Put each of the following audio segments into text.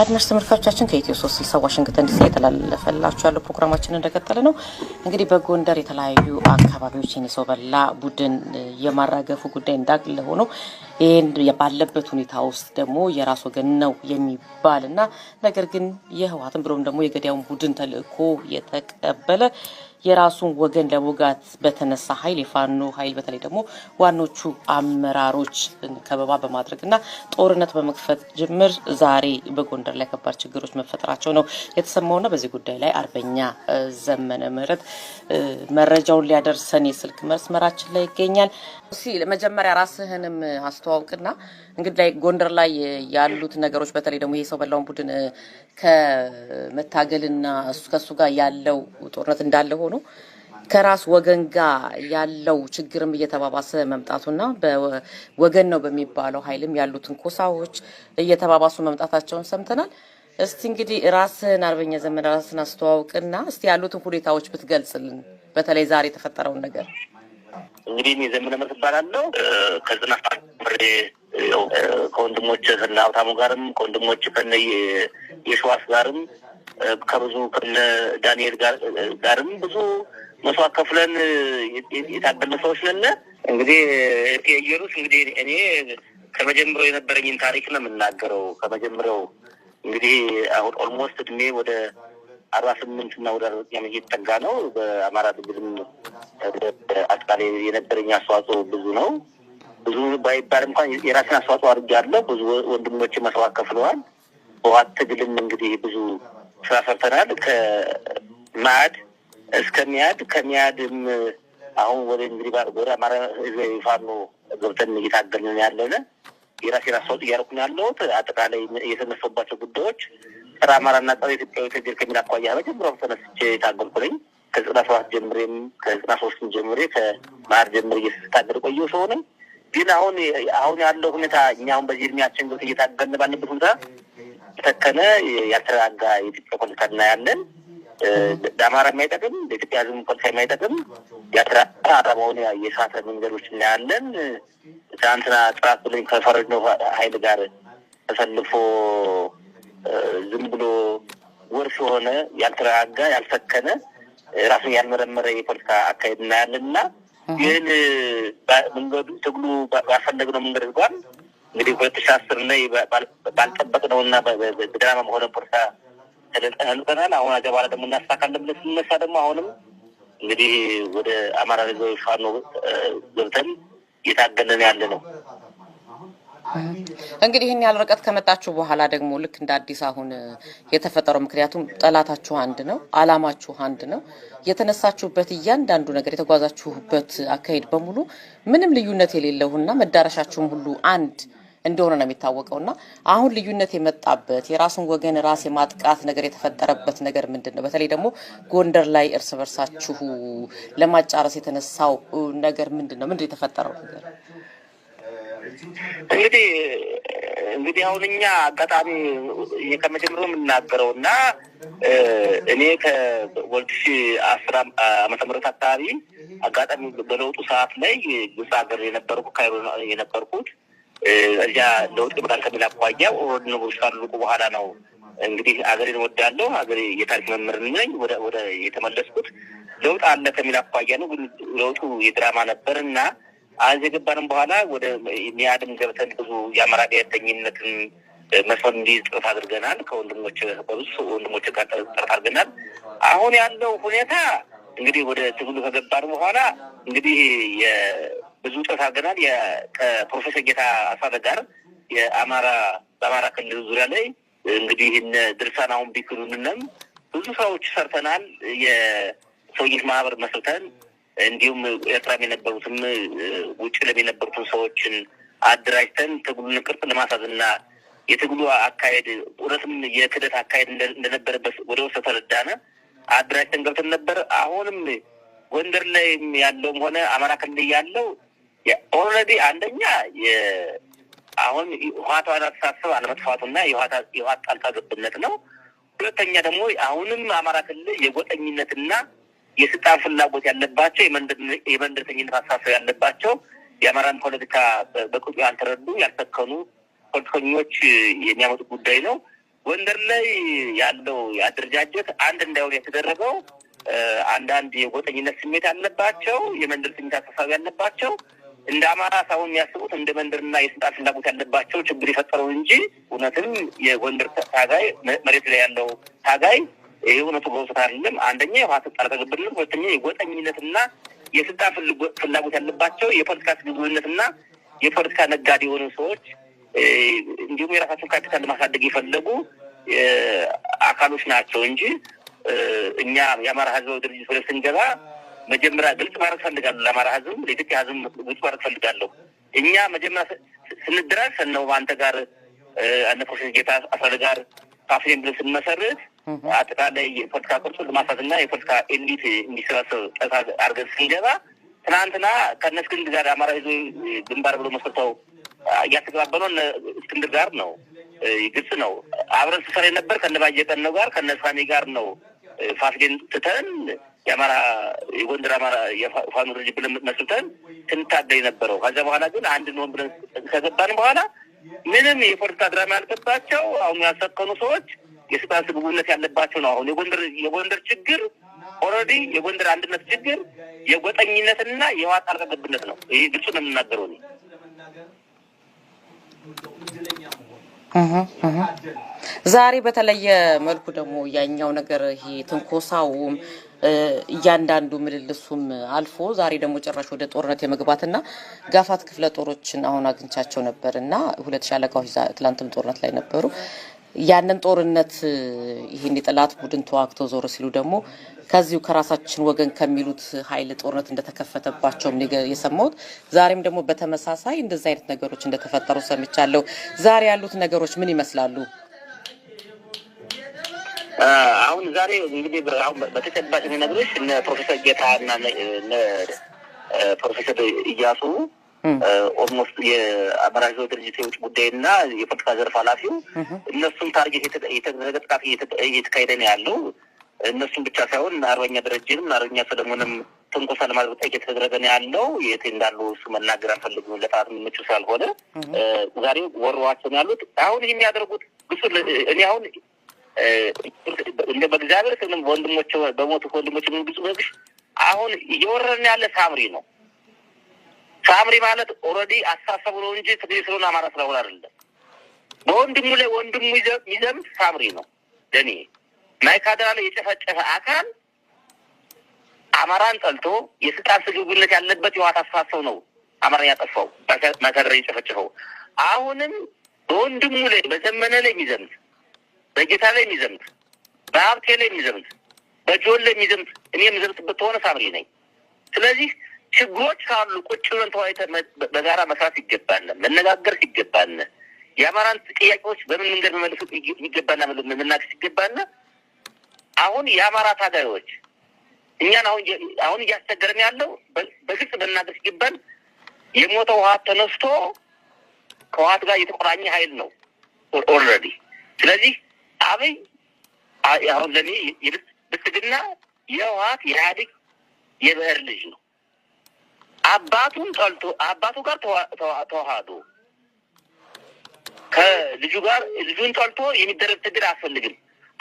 አድማጭ ተመልካቾቻችን ከኢትዮ ሶስት ስልሳ ዋሽንግተን ዲሲ የተላለፈላችሁ ያለው ፕሮግራማችን እንደቀጠለ ነው። እንግዲህ በጎንደር የተለያዩ አካባቢዎች የሰው በላ ቡድን የማራገፉ ጉዳይ እንዳለ ሆኖ ይህን ባለበት ሁኔታ ውስጥ ደግሞ የራስ ወገን ነው የሚባል እና ነገር ግን የህወሓትን ብሎም ደግሞ የገዳያውን ቡድን ተልእኮ የተቀበለ የራሱን ወገን ለመውጋት በተነሳ ኃይል የፋኖ ኃይል በተለይ ደግሞ ዋኖቹ አመራሮች ከበባ በማድረግ እና ጦርነት በመክፈት ጅምር ዛሬ በጎንደር ላይ ከባድ ችግሮች መፈጠራቸው ነው የተሰማውና በዚህ ጉዳይ ላይ አርበኛ ዘመነ ምህረት መረጃውን ሊያደርሰን የስልክ መስመራችን ላይ ይገኛል። እስኪ መጀመሪያ ራስህንም አስተዋውቅና እንግዲህ ላይ ጎንደር ላይ ያሉት ነገሮች በተለይ ደግሞ ይሄ ሰው በላውን ቡድን ከመታገልና ከእሱ ጋር ያለው ጦርነት እንዳለ ሆኖ ከራስ ወገን ጋር ያለው ችግርም እየተባባሰ መምጣቱና በወገን ነው በሚባለው ኃይልም ያሉትን ኮሳዎች እየተባባሱ መምጣታቸውን ሰምተናል። እስቲ እንግዲህ ራስህን አርበኛ ዘመን ራስን አስተዋውቅና እስቲ ያሉትን ሁኔታዎች ብትገልጽልን፣ በተለይ ዛሬ የተፈጠረውን ነገር እንግዲህ እኔ ዘመነ ምሕረት እባላለሁ ከዝና ምሬ ከወንድሞች ከነ ሀብታሙ ጋርም ከወንድሞች ከነ የሸዋስ ጋርም ከብዙ ከነ ዳንኤል ጋርም ብዙ መስዋዕት ከፍለን የታገልን ሰዎች ነን። እንግዲህ ኢየሩስ እንግዲህ እኔ ከመጀመሪያው የነበረኝን ታሪክ ነው የምናገረው። ከመጀመሪያው እንግዲህ አሁን ኦልሞስት እድሜ ወደ አርባ ስምንት እና ወደ አርባ ዘጠኝ እየተጠጋ ነው። በአማራ ትግልም አጠቃላይ የነበረኝ አስተዋጽኦ ብዙ ነው። ብዙ ባይባል እንኳን የራሴን አስተዋጽኦ አድርጌያለሁ። ብዙ ወንድሞች መስዋዕት ከፍለዋል። በህወሓት ትግልም እንግዲህ ብዙ ስራ ሰርተናል። ከማዕድ እስከ ሚያድ ከሚያድም አሁን ወደ እንግዲህ ወደ አማራ ህዝባዊ ፋኖ ገብተን እየታገልን ያለነ የራሴን አስተዋጽኦ እያደረኩ ነው ያለሁት። አጠቃላይ የተነሱባቸው ጉዳዮች ጸረ አማራና ጸረ ኢትዮጵያ ተጀር ከሚል አኳያ መጀመሪያም ተነስቼ የታገልኩ ነኝ። ከዘጠና ሰባት ጀምሬም ከዘጠና ሶስትም ጀምሬ ከማር ጀምሬ እየታገል ቆየ ሰው ነኝ። ግን አሁን አሁን ያለው ሁኔታ እኛ አሁን በዚህ እድሜያችን ጎት እየታገልን ባለበት ሁኔታ የተከነ ያልተረጋጋ የኢትዮጵያ ፖለቲካ እናያለን። ለአማራ የማይጠቅም ለኢትዮጵያ ሕዝብ ፖለቲካ የማይጠቅም ያልተረጋጋ በሆነ የሳተ መንገዶች እናያለን። ትናንትና ጥራት ብለኝ ከፈረጅ ነው ኃይል ጋር ተሰልፎ ዝም ብሎ ወርሽ የሆነ ያልተረጋጋ ያልሰከነ ራሱን ያልመረመረ የፖለቲካ አካሄድ እናያለን እና ግን መንገዱ ትግሉ ባልፈለግነው መንገድ ህጓል እንግዲህ ሁለት ሺ አስር ላይ ባልጠበቅነው እና በደናማ መሆነ ፖለቲካ ተደልጠናል። አሁን አገ በኋላ ደግሞ እናሳካለን ብለን ስንነሳ ደግሞ አሁንም እንግዲህ ወደ አማራ ፋኖ ገብተን እየታገለን ያለ ነው። እንግዲህ ይህን ያህል ርቀት ከመጣችሁ በኋላ ደግሞ ልክ እንደ አዲስ አሁን የተፈጠረው ምክንያቱም ጠላታችሁ አንድ ነው፣ አላማችሁ አንድ ነው። የተነሳችሁበት እያንዳንዱ ነገር የተጓዛችሁበት አካሄድ በሙሉ ምንም ልዩነት እና መዳረሻችሁም ሁሉ አንድ እንደሆነ ነው የሚታወቀው እና አሁን ልዩነት የመጣበት የራሱን ወገን ራስ የማጥቃት ነገር የተፈጠረበት ነገር ምንድን ነው? በተለይ ደግሞ ጎንደር ላይ እርስ በርሳችሁ ለማጫረስ የተነሳው ነገር ምንድን ነው? ምንድን የተፈጠረው ነገር እንግዲህ እንግዲህ አሁን እኛ አጋጣሚ ከመጀመሩ የምናገረው እና እኔ ከወልድ ሺ አስራ አመተ ምህረት አካባቢ አጋጣሚ በለውጡ ሰዓት ላይ ግብጽ ሀገር የነበርኩ ካይሮ የነበርኩት እዚያ ለውጥ ይመጣል ከሚል አኳያ ኦሮድ ነገሮች ካለቁ በኋላ ነው እንግዲህ ሀገሬን ወዳለሁ ሀገሬ የታሪክ መምህር ነኝ ወደ የተመለስኩት ለውጥ አለ ከሚል አኳያ ነው። ግን ለውጡ የድራማ ነበር እና አዚ የገባንም በኋላ ወደ ሚያድም ገብተን ብዙ የአማራ ብሔርተኝነትን መስፈን እንዲይዝ ጥረት አድርገናል። ከወንድሞች በብዙ ወንድሞች ጋር ጥረት አድርገናል። አሁን ያለው ሁኔታ እንግዲህ ወደ ትግሉ ከገባን በኋላ እንግዲህ ብዙ ጥረት አድርገናል። ከፕሮፌሰር ጌታ አሳደ ጋር የአማራ በአማራ ክልል ዙሪያ ላይ እንግዲህ ድርሳን አሁን ቢክሉንንም ብዙ ስራዎች ሰርተናል። የሰውይት ማህበር መስርተን እንዲሁም ኤርትራም የነበሩትም ውጭ ለም የነበሩትን ሰዎችን አደራጅተን ትግሉን ቅርጽ ለማሳዝና የትግሉ አካሄድ እውነትም የክደት አካሄድ እንደነበረበት ወደ ውስጥ ተረዳነ። አደራጅተን ገብተን ነበር። አሁንም ጎንደር ላይም ያለውም ሆነ አማራ ክልል ያለው ኦልሬዲ አንደኛ አሁን ህዋታዋን አስተሳሰብ አለመጥፋቱና የህዋት ጣልቃ ገብነት ነው። ሁለተኛ ደግሞ አሁንም አማራ ክልል የጎጠኝነትና የስልጣን ፍላጎት ያለባቸው የመንደርተኝነት አሳሰብ ያለባቸው የአማራን ፖለቲካ በቅጡ ያልተረዱ ያልተከኑ ፖለቲከኞች የሚያመጡ ጉዳይ ነው። ጎንደር ላይ ያለው አደረጃጀት አንድ እንዳይሆን የተደረገው አንዳንድ የጎጠኝነት ስሜት ያለባቸው የመንደርተኝነት አሳሳቢ ያለባቸው እንደ አማራ ሳሁን የሚያስቡት እንደ መንደርና የስልጣን ፍላጎት ያለባቸው ችግር የፈጠረው እንጂ እውነትም የጎንደር ታጋይ መሬት ላይ ያለው ታጋይ ይህ እውነቱ በውሰት አይደለም። አንደኛ የውሀ ስልጣን ተገብርነት፣ ሁለተኛ የጎጠኝነትና የስልጣን ፍላጎት ያለባቸው የፖለቲካ ስግብግብነትና የፖለቲካ ነጋዴ የሆኑ ሰዎች እንዲሁም የራሳቸውን ካፒታል ለማሳደግ የፈለጉ አካሎች ናቸው እንጂ እኛ የአማራ ህዝብ ድርጅት ወደ ስንገባ መጀመሪያ ግልጽ ማድረግ ፈልጋለሁ። ለአማራ ህዝብ፣ ለኢትዮጵያ ህዝብ ግልጽ ማድረግ ፈልጋለሁ። እኛ መጀመሪያ ስንደራጅ ነው አንተ ጋር እነ ጌታ አስራደ ጋር ፓፍሬን ብለን ስንመሰርት አጠቃላይ የፖለቲካ ቅርጹን ለማስፋትና የፖለቲካ ኤሊት እንዲሰባሰብ ጠፋ አድርገን ስንገባ ትናንትና ከእነ እስክንድር ጋር አማራ ህዝብ ግንባር ብሎ መሰርተው እያተገባበነው እነ እስክንድር ጋር ነው። ግልጽ ነው። አብረን ስሰር የነበር ከነ ባየቀን ነው ጋር ከነ ሳኔ ጋር ነው። ፋስጌን ትተን የአማራ የጎንደር አማራ የፋኑ ድርጅት ብለን መስርተን ስንታገል የነበረው ከዚያ በኋላ ግን አንድ እንሆን ብለን ከገባን በኋላ ምንም የፖለቲካ ድራማ ያልገባቸው አሁን ያሰከኑ ሰዎች የስልጣን ስግብግብነት ያለባቸው ነው። አሁን የጎንደር የጎንደር ችግር ኦልሬዲ የጎንደር አንድነት ችግር የጎጠኝነትና የህወሓት ጣልቃ ገብነት ነው። ይህ ግልጹ ነው የምናገረው እኔ ዛሬ በተለየ መልኩ ደግሞ ያኛው ነገር ይሄ ትንኮሳውም እያንዳንዱ ምልልሱም አልፎ ዛሬ ደግሞ ጭራሽ ወደ ጦርነት የመግባትና ጋፋት ክፍለ ጦሮችን አሁን አግኝቻቸው ነበር እና ሁለት ሻለቃዎች ትላንትም ጦርነት ላይ ነበሩ። ያንን ጦርነት ይህን የጠላት ቡድን ተዋግተው ዞር ሲሉ ደግሞ ከዚሁ ከራሳችን ወገን ከሚሉት ኃይል ጦርነት እንደተከፈተባቸው የሰማሁት። ዛሬም ደግሞ በተመሳሳይ እንደዚህ አይነት ነገሮች እንደተፈጠሩ ሰምቻለሁ። ዛሬ ያሉት ነገሮች ምን ይመስላሉ? አሁን ዛሬ እንግዲህ በተጨባጭ ነገሮች እነ ፕሮፌሰር ጌታ እና ፕሮፌሰር እያሱ ኦልሞስት የአማራ ሕዝባዊ ድርጅት የውጭ ጉዳይና የፖለቲካ ዘርፍ ኃላፊው እነሱም ታርጌት የተደረገ ጥቃት እየተካሄደ ነው ያለው። እነሱም ብቻ ሳይሆን አርበኛ ደረጀንም አርበኛ ሰለሞንም ትንኮሳ ለማድረግ ጥቃት እየተደረገ ነው ያለው። የት እንዳሉ እሱ መናገር አልፈልግም፣ ለጣት ምቹ ስላልሆነ ዛሬ ወረዋቸው ያሉት። አሁን ይህ የሚያደርጉት ግሱ እኔ አሁን እንደ በእግዚአብሔር ስንም ወንድሞች በሞቱ ወንድሞች ግጹ አሁን እየወረድን ያለ ሳምሪ ነው ሳምሪ ማለት ኦልሬዲ አስተሳሰቡ ነው እንጂ ትግሬ አማራ ስለሆነ አይደለም። በወንድሙ ላይ ወንድሙ ይዘም ሳምሪ ነው። ለኔ ማይካድራ ላይ የጨፈጨፈ አካል አማራን ጠልቶ የስልጣን ስግብግብነት ያለበት የዋት አስተሳሰብ ነው አማራ ያጠፋው ማይካድራ የጨፈጨፈው። አሁንም በወንድሙ ላይ በዘመነ ላይ የሚዘምት በጌታ ላይ የሚዘምት በሀብቴ ላይ የሚዘምት በጆን ላይ የሚዘምት እኔ የምዘምትበት ከሆነ ሳምሪ ነኝ። ስለዚህ ችግሮች ካሉ ቁጭ ብለን ተወያይተን በጋራ መስራት ይገባል፣ መነጋገር ሲገባል፣ የአማራን ጥያቄዎች በምን መንገድ መመለሱ ይገባና መናገር ሲገባል። አሁን የአማራ ታጋዮች እኛን አሁን አሁን እያስቸገረን ያለው በግልጽ መናገር ሲገባል። የሞተ ውሀት ተነስቶ ከውሀት ጋር የተቆራኘ ሀይል ነው ኦልሬዲ። ስለዚህ አብይ አሁን ለኔ ብልጽግና የውሀት የኢህአዴግ የብሔር ልጅ ነው። አባቱን ጠልቶ አባቱ ጋር ተዋህዶ ከልጁ ጋር ልጁን ጠልቶ የሚደረግ ትግል አያስፈልግም።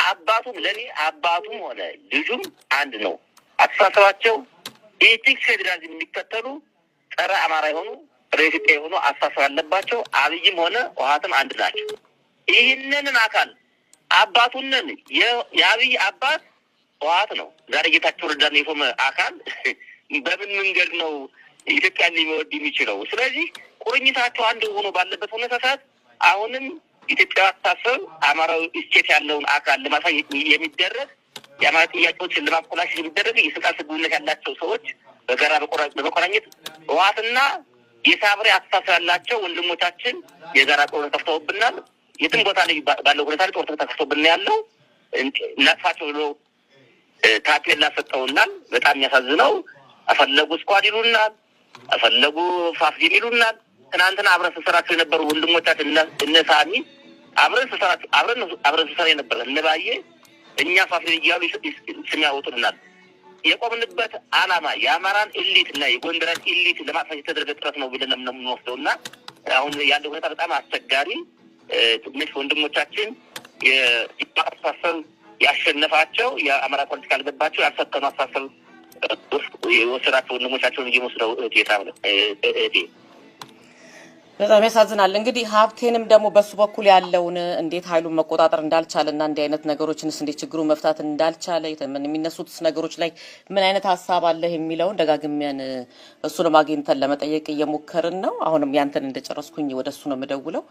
አባቱም ለእኔ አባቱም ሆነ ልጁም አንድ ነው። አስተሳሰባቸው ኢቲክስ ፌዴራሊዝም የሚከተሉ ጸረ አማራ የሆኑ ጸረ ኢትዮጵያ የሆኑ አስተሳሰብ ያለባቸው አብይም ሆነ ውሀትም አንድ ናቸው። ይህንንን አካል አባቱንን የአብይ አባት ውሀት ነው። ዛሬ ጌታቸው ረዳን የሾመ አካል በምን መንገድ ነው ኢትዮጵያን ሊወድ የሚችለው። ስለዚህ ቁርኝታቸው አንድ ሆኖ ባለበት ሁኔታ ሰዓት አሁንም ኢትዮጵያ አታሰብ አማራዊ እስኬት ያለውን አካል ለማሳየት የሚደረግ የአማራ ጥያቄዎችን ለማኮላሽ የሚደረግ የስልጣን ስግብነት ያላቸው ሰዎች በጋራ በመቆራኘት ህወሓትና የሳብሬ አስተሳሰብ ያላቸው ወንድሞቻችን የጋራ ጦርነት ከፍተውብናል። የትም ቦታ ላይ ባለው ሁኔታ ላይ ጦርነት ተከፍቶብን ያለው እናጥፋቸው ብሎ ታፔላ ሰጠውናል። በጣም የሚያሳዝነው አፈለጉ ስኳድ ይሉናል። ፈለጉ ፋፍጅ የሚሉናል። ትናንትና አብረን ስንሰራቸው የነበሩ ወንድሞቻችን እነ ሳሚ አብረን ስንሰራ የነበረ እነባዬ እኛ ፋፍጅ እያሉ ስም ያወጡልናል። የቆምንበት አላማ የአማራን ኢሊት እና የጎንደራን ኢሊት ለማጥፋት የተደረገ ጥረት ነው ብለን ነው የምንወስደው እና አሁን ያለው ሁኔታ በጣም አስቸጋሪ ትንሽ ወንድሞቻችን የአስተሳሰብ ያሸነፋቸው የአማራ ፖለቲካ ያልገባቸው ያልሰከኑ አስተሳሰብ የወሰዳቸው ወንድሞቻቸውን እየወሰደው በጣም ያሳዝናል። እንግዲህ ሀብቴንም ደግሞ በሱ በኩል ያለውን እንዴት ኃይሉን መቆጣጠር እንዳልቻለ እና እንዲህ አይነት ነገሮችንስ እንዴት ችግሩ መፍታት እንዳልቻለ የሚነሱት ነገሮች ላይ ምን አይነት ሀሳብ አለህ የሚለውን ደጋግሚያን እሱንም አግኝተን ለመጠየቅ እየሞከርን ነው። አሁንም ያንተን እንደጨረስኩኝ ወደ እሱ ነው የምደውለው።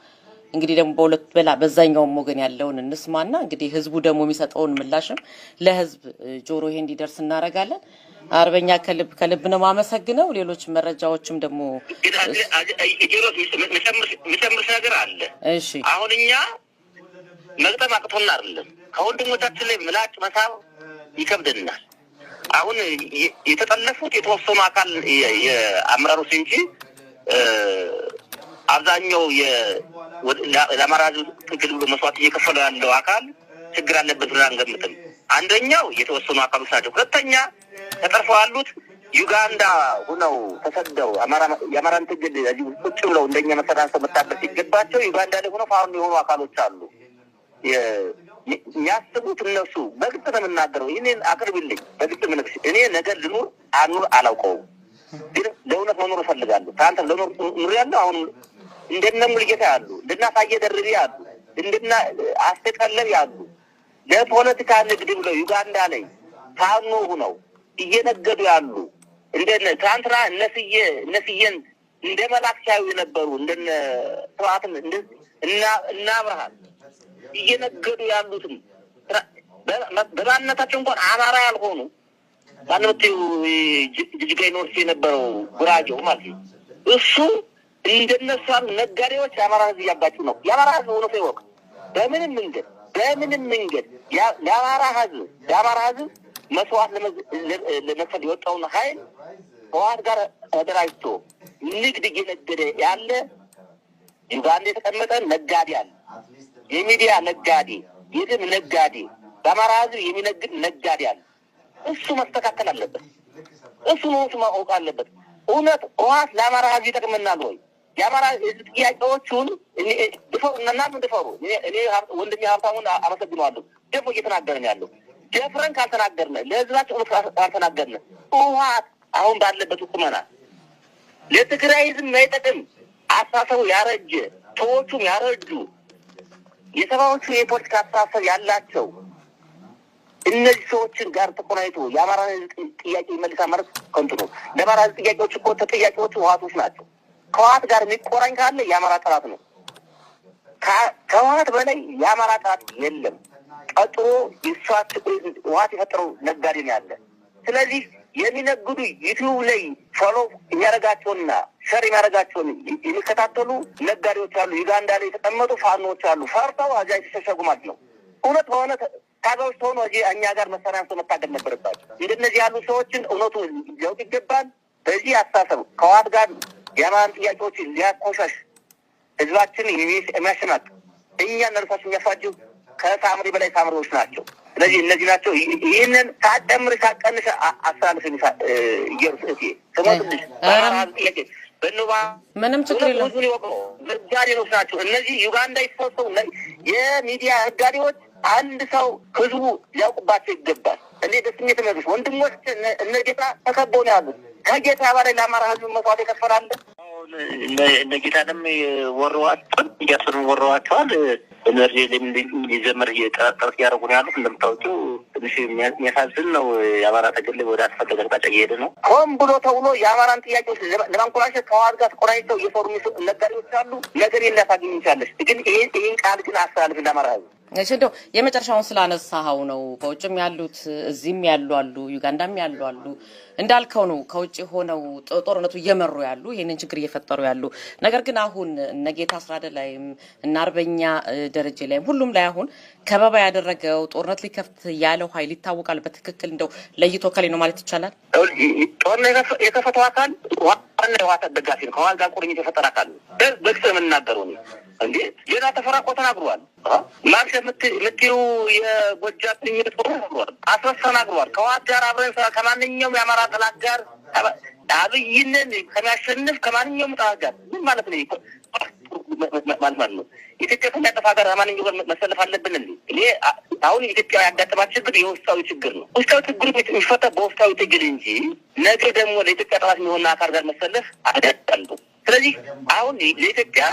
እንግዲህ ደግሞ በሁለት በላ በዛኛውም ወገን ያለውን እንስማና እንግዲህ ህዝቡ ደግሞ የሚሰጠውን ምላሽም ለህዝብ ጆሮ ይሄ እንዲደርስ እናደርጋለን። አርበኛ ከልብ ከልብ ነው ማመሰግነው። ሌሎች መረጃዎችም ደግሞ ምጨምር ነገር አለ። እሺ አሁን እኛ መቅጠም አቅቶና አይደለም ከወንድሞቻችን ላይ ምላጭ መሳብ ይከብድናል። አሁን የተጠለፉት የተወሰኑ አካል የአመራሮች እንጂ አብዛኛው ለአማራ ትግል ብሎ መስዋዕት እየከፈለ ያለው አካል ችግር አለበት ብለን አንገምትም። አንደኛው የተወሰኑ አካሎች ናቸው። ሁለተኛ ተጠርፈው ያሉት ዩጋንዳ ሁነው ተሰደው የአማራን ትግል ቁጭ ብለው እንደኛ መሰራሰብ መታበት ሲገባቸው ዩጋንዳ ላይ ሆነው ፋኖ የሆኑ አካሎች አሉ። የሚያስቡት እነሱ በግልጽ ነው የምናገረው። ይህንን አቅርብልኝ በግልጽ ምንክስ እኔ ነገር ልኑር አኑር አላውቀውም፣ ግን ለእውነት መኖር እፈልጋለሁ። ከአንተ ለኖር ኑር ያለው አሁን እንደነ ሙልጌታ ያሉ እንደነ አሳየ ደርቤ ያሉ እንደና አስተቀለብ ያሉ ለፖለቲካ ንግድ ብለው ዩጋንዳ ላይ ታኑ ሁነው እየነገዱ ያሉ እንደነ ትናንትና እነስዬ እነስዬን እንደ መላክ ሲያዩ የነበሩ እንደነ እንደ እና እና ብርሃን እየነገዱ ያሉትም በማንነታቸው እንኳን አማራ ያልሆኑ ማንምት ጅጅጋ ዩኒቨርሲቲ የነበረው ጉራጌው ማለት ነው እሱ እንደነሱ አሉ ነጋዴዎች የአማራ ህዝብ እያጋጩ ነው። የአማራ ህዝብ እውነት ሳይወቅ በምንም መንገድ በምንም መንገድ ለአማራ ህዝብ ለአማራ ህዝብ መስዋዕት ለመክፈል የወጣውን ሀይል ከዋት ጋር ተደራጅቶ ንግድ እየነገደ ያለ ዩጋንዳ የተቀመጠ ነጋዴ አለ። የሚዲያ ነጋዴ፣ የድም ነጋዴ፣ በአማራ ህዝብ የሚነግድ ነጋዴ አለ። እሱ መስተካከል አለበት። እሱ ነውት ማወቅ አለበት። እውነት ህወሓት ለአማራ ህዝብ ይጠቅመናል ወይ? የአማራ ህዝብ ጥያቄዎቹን ድፈሩ፣ እናንተም ድፈሩ። እኔ ወንድሜ ሀብታሙን አመሰግነዋለሁ። ደግሞ እየተናገርን ያለው ደፍረን ካልተናገርን፣ ለህዝባችን እውነት ካልተናገርን ህወሓት አሁን ባለበት ቁመና ለትግራይ ህዝብ የማይጠቅም አስተሳሰቡ ያረጀ ሰዎቹም ያረጁ የሰባዎቹ የፖለቲካ አስተሳሰብ ያላቸው እነዚህ ሰዎችን ጋር ተቆናኝቶ የአማራ ህዝብ ጥያቄ መልሳ መረስ ከንቱ ነው። ለአማራ ህዝብ ጥያቄዎች እኮ ተጠያቂዎቹ ህወሓቶች ናቸው። ከህወሓት ጋር የሚቆራኝ ካለ የአማራ ጠላት ነው። ከህወሓት በላይ የአማራ ጠላት የለም። ቀጥሮ ይሷት ህወሓት የፈጠረው ነጋዴ ነው ያለ። ስለዚህ የሚነግዱ ዩቲዩብ ላይ ፎሎ የሚያደርጋቸውና ሸር የሚያደርጋቸውን የሚከታተሉ ነጋዴዎች አሉ። ዩጋንዳ ላይ የተቀመጡ ፋኖዎች አሉ። ፈርተው አዚያ የተሸሸጉ ማለት ነው። እውነት በሆነ ታጋዮች ተሆኑ እዚህ እኛ ጋር መሳሪያ አንስቶ መታገል ነበረባቸው። እንደነዚህ ያሉ ሰዎችን እውነቱ ሊያውቅ ይገባል። በዚህ አስተሳሰብ ከህወሓት ጋር የአማራን ጥያቄዎችን ሊያቆሻሽ ህዝባችን የሚያሸናቅ እኛ ነርሳችን የሚያፋጁ ከሳምሪ በላይ ሳምሪዎች ናቸው። ስለዚህ እነዚህ ናቸው። ይህንን ሳጨምር ሳቀንሽ አስተላልፍ እየሩስእቴ ስሞትልሽ ጥያቄ በንባ ምንም ችግር የለም። ነጋዴዎች ናቸው እነዚህ ዩጋንዳ የተሰበሰቡ የሚዲያ ነጋዴዎች አንድ ሰው ህዝቡ ሊያውቁባቸው ይገባል። እንዴ ደስ የሚል ወንድሞች እነ ጌታ ተከበው ነው ያሉት ከጌታ በላይ ለአማራ ህዝብ መስዋዕት የከፈላል። እነ ጌታንም ወረዋቸዋል፣ እያሱንም ወረዋቸዋል። በነርዜ ሊዘመር እየጠራጠር እያደረጉ ነው ያሉት። እንደምታወቂው ትንሽ የሚያሳዝን ነው። የአማራ ትግል ወደ አስፈለገ አቅጣጫ እየሄደ ነው። ሆን ብሎ ተብሎ የአማራን ጥያቄዎች ለማንኮላሸት ከዋዝ ጋር ተቆራኝተው የሰሩ ነጋዴዎች አሉ። ነገር የላታገኝ ይቻለች። ግን ይህን ቃል ግን አስተላልፍ ለአማራ ህዝብ እሺ እንደው የመጨረሻውን ስላነሳኸው ነው። በውጭም ያሉት እዚህም ያሉ አሉ፣ ዩጋንዳም ያሉ አሉ። እንዳልከው ነው ከውጭ ሆነው ጦርነቱ እየመሩ ያሉ ይህንን ችግር እየፈጠሩ ያሉ። ነገር ግን አሁን እነ ጌታ አስራደ ላይም እና አርበኛ ደረጀ ላይም ሁሉም ላይ አሁን ከበባ ያደረገው ጦርነት ሊከፍት ያለው ኃይል ይታወቃል። በትክክል እንደው ለይቶ ከሌ ነው ማለት ይቻላል። ጦርነት የከፈተው አካል ዋና የህወሓት ደጋፊ ነው። ከህወሓት ጋር ቁርኝት የፈጠረ አካል በግልጽ የምናገረው እንዴ ሌላ ተፈራ እኮ ተናግሯል። ማርሽ የምትሉ የጎጃት ኝነት ተናግሯል። አስረስ ተናግሯል። ከዋት ጋር አብረን ከማንኛውም የአማራ ጥላት ጋር አብይንን ከሚያሸንፍ ከማንኛውም ጠላት ጋር ምን ማለት ነው? ማለት ማለት ነው ኢትዮጵያ ከሚያጠፋ ጋር ከማንኛው ጋር መሰለፍ አለብን። እንዲ እኔ አሁን ኢትዮጵያ ያጋጠማት ችግር የውስጣዊ ችግር ነው። ውስጣዊ ችግር የሚፈታ በውስጣዊ ትግል እንጂ ነገ ደግሞ ለኢትዮጵያ ጠላት የሚሆን አካል ጋር መሰለፍ አደጣሉ። ስለዚህ አሁን ለኢትዮጵያ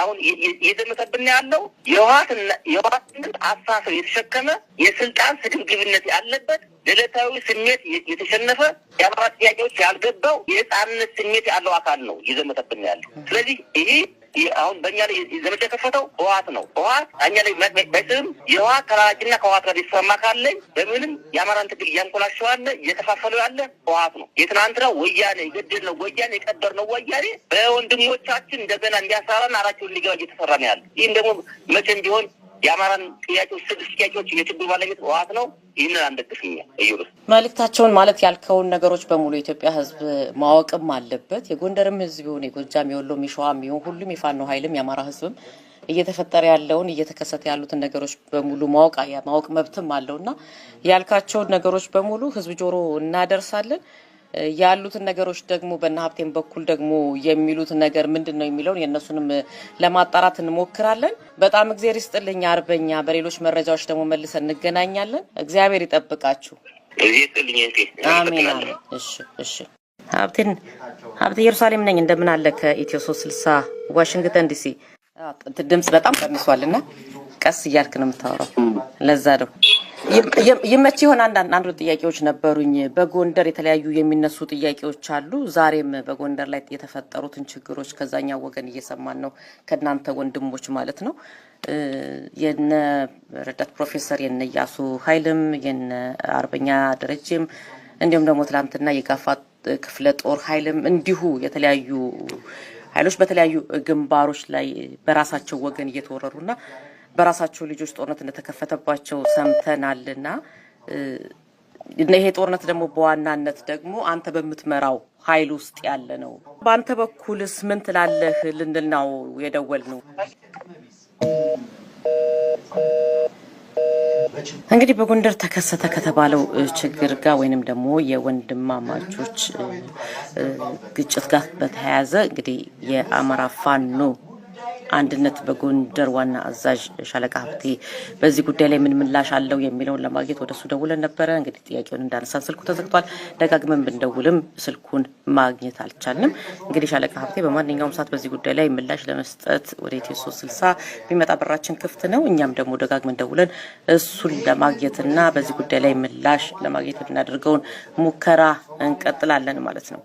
አሁን እየደመሰብን ያለው የህወሓትን አስተሳሰብ የተሸከመ የስልጣን ስግብግብነት ያለበት ለለታዊ ስሜት የተሸነፈ የአማራ ጥያቄዎች ያልገባው የህፃንነት ስሜት ያለው አካል ነው እየዘመተብን ያለው። ስለዚህ ይሄ አሁን በእኛ ላይ ዘመቻ የከፈተው ህወሓት ነው። ህወሓት እኛ ላይ በስም የህወሓት ተላላኪና ከህወሓት ጋር የተሰማ ካለኝ በምንም የአማራን ትግል እያንኮላሸው ያለ እየከፋፈለው ያለ ህወሓት ነው። የትናንትናው ወያኔ ነው ወያኔ ነው ወያኔ በወንድሞቻችን እንደገና እንዲያሳራን አራቸውን ሊገባ እየተሰራ ነው ያለ። ይህም ደግሞ መቼም ቢሆን የአማራን ጥያቄዎች ስድስት ጥያቄዎች የችግሩ ባለቤት ህወሓት ነው። ይህንን አንደግፍኛ እዩሩስ መልእክታቸውን ማለት ያልከውን ነገሮች በሙሉ የኢትዮጵያ ህዝብ ማወቅም አለበት። የጎንደርም ህዝብ ይሁን የጎጃም፣ የወሎም፣ የሸዋም ይሁን ሁሉም የፋኖ ኃይልም የአማራ ህዝብም እየተፈጠረ ያለውን እየተከሰተ ያሉትን ነገሮች በሙሉ ማወቅ ማወቅ መብትም አለው እና ያልካቸውን ነገሮች በሙሉ ህዝብ ጆሮ እናደርሳለን። ያሉትን ነገሮች ደግሞ በእነ በኩል ደግሞ የሚሉት ነገር ምንድን ነው የሚለውን የእነሱንም ለማጣራት እንሞክራለን። በጣም እግዚአብሔር ይስጥልኝ አርበኛ። በሌሎች መረጃዎች ደግሞ መልሰን እንገናኛለን። እግዚአብሔር ይጠብቃችሁ። ሀብቴን ሀብቴ ኢየሩሳሌም ነኝ። እንደምን አለ ከኢትዮ ሶስት ስልሳ ዋሽንግተን ዲሲ። ድምፅ በጣም ቀንሷልና ቀስ እያልክ ነው የምታወራው። ለዛ ነው ይመች የሆነ አንዳንድ አንዱ ጥያቄዎች ነበሩኝ። በጎንደር የተለያዩ የሚነሱ ጥያቄዎች አሉ። ዛሬም በጎንደር ላይ የተፈጠሩትን ችግሮች ከዛኛው ወገን እየሰማን ነው፣ ከእናንተ ወንድሞች ማለት ነው። የነ ረዳት ፕሮፌሰር የነ እያሱ ኃይልም የነ አርበኛ ደረጀም እንዲሁም ደግሞ ትላንትና የጋፋ ክፍለ ጦር ኃይልም እንዲሁ የተለያዩ ኃይሎች በተለያዩ ግንባሮች ላይ በራሳቸው ወገን እየተወረሩና በራሳቸው ልጆች ጦርነት እንደተከፈተባቸው ሰምተናልና እና ይሄ ጦርነት ደግሞ በዋናነት ደግሞ አንተ በምትመራው ኃይል ውስጥ ያለ ነው። በአንተ በኩልስ ምን ትላለህ ልንል ነው የደወል ነው። እንግዲህ በጎንደር ተከሰተ ከተባለው ችግር ጋር ወይንም ደግሞ የወንድማማቾች ግጭት ጋር በተያያዘ እንግዲህ የአማራ ፋኖ አንድነት በጎንደር ዋና አዛዥ ሻለቃ ሀብቴ በዚህ ጉዳይ ላይ ምን ምላሽ አለው የሚለውን ለማግኘት ወደሱ ደውለን ነበረ። እንግዲህ ጥያቄውን እንዳነሳን ስልኩ ተዘግቷል። ደጋግመን ብንደውልም ስልኩን ማግኘት አልቻልንም። እንግዲህ ሻለቃ ሀብቴ በማንኛውም ሰዓት በዚህ ጉዳይ ላይ ምላሽ ለመስጠት ወደ ኢትዮ ሶስት ስልሳ ቢመጣ በራችን ክፍት ነው። እኛም ደግሞ ደጋግመን ደውለን እሱን ለማግኘትና በዚህ ጉዳይ ላይ ምላሽ ለማግኘት የምናደርገውን ሙከራ እንቀጥላለን ማለት ነው።